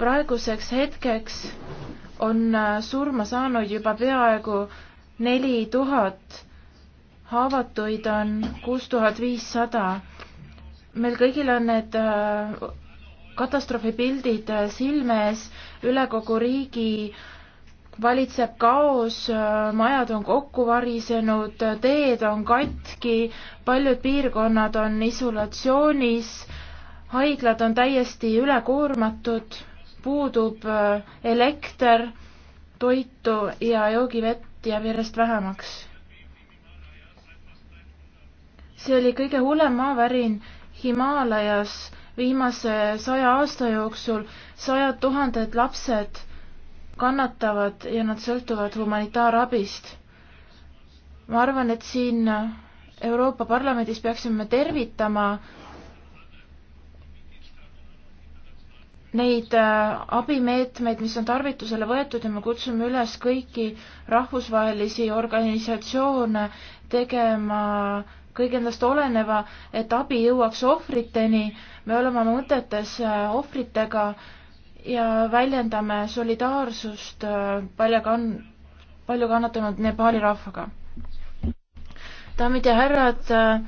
praeguseks hetkeks on äh, surma saanud juba peaaegu neli tuhat, haavatuid on kuus tuhat viissada. meil kõigil on need äh, katastroofipildid äh, silme ees, üle kogu riigi valitseb kaos, majad on kokku varisenud, teed on katki, paljud piirkonnad on isolatsioonis, haiglad on täiesti ülekoormatud puudub äh, elekter, toitu ja joogivett jääb järjest vähemaks. see oli kõige hullem maavärin Himaalajas viimase saja aasta jooksul. sajad tuhanded lapsed kannatavad ja nad sõltuvad humanitaarabist. ma arvan, et siin Euroopa Parlamendis peaksime tervitama neid äh, abimeetmeid, mis on tarvitusele võetud ja me kutsume üles kõiki rahvusvahelisi organisatsioone tegema kõik endast oleneva, et abi jõuaks ohvriteni. me oleme oma mõtetes äh, ohvritega ja väljendame solidaarsust äh, palju kann-, palju kannatanud Nepaali rahvaga. daamid ja härrad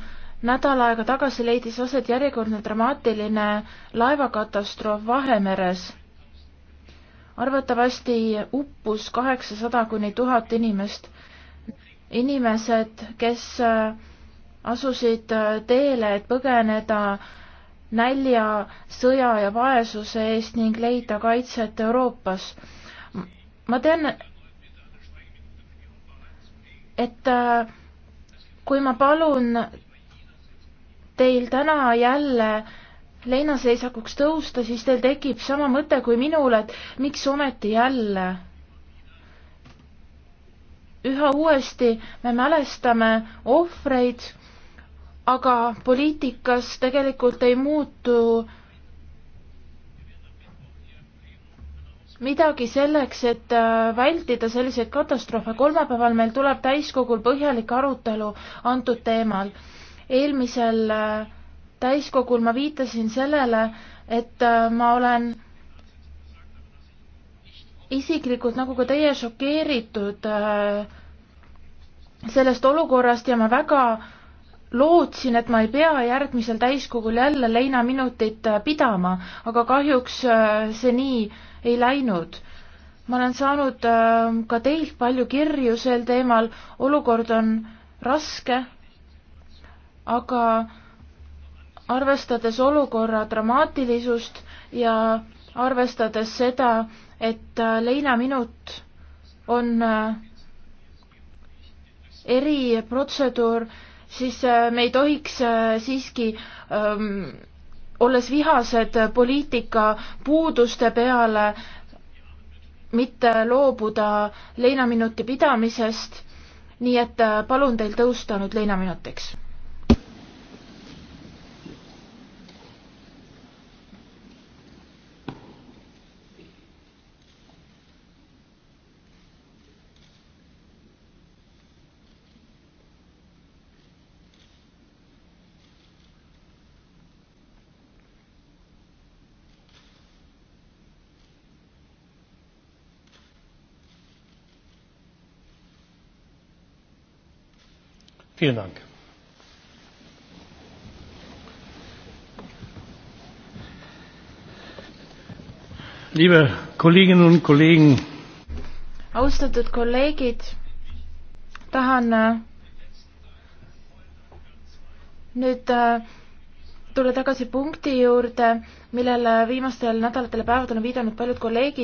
nädal aega tagasi leidis aset järjekordne dramaatiline laevakatastroof Vahemeres. arvatavasti uppus kaheksasada kuni tuhat inimest. inimesed, kes äh, asusid äh, teele, et põgeneda nälja, sõja ja vaesuse eest ning leida kaitset Euroopas. ma tean, et äh, kui ma palun teil täna jälle leinaseisakuks tõusta, siis teil tekib sama mõte kui minul, et miks ometi jälle? üha uuesti me mälestame ohvreid, aga poliitikas tegelikult ei muutu midagi selleks, et äh, vältida selliseid katastroofe. kolmapäeval meil tuleb täiskogul põhjalik arutelu antud teemal eelmisel äh, täiskogul ma viitasin sellele, et äh, ma olen isiklikult nagu ka teie šokeeritud äh, sellest olukorrast ja ma väga lootsin, et ma ei pea järgmisel täiskogul jälle leinaminutit pidama, aga kahjuks see nii ei läinud. ma olen saanud ka teilt palju kirju sel teemal, olukord on raske aga arvestades olukorra dramaatilisust ja arvestades seda, et äh, leinaminut on äh, eriprotseduur, siis äh, me ei tohiks siiski ähm, olles vihased poliitika puuduste peale, mitte loobuda leinaminuti pidamisest, nii et palun teil tõusta nüüd leinaminutiks vielen dank! liebe kolleginnen und kollegen! austatud kolleegid tahan äh, nüüd äh, tulla tagasi punkti juurde millele viimastel nädalatel ja päevadel on viidanud paljud kolleegid.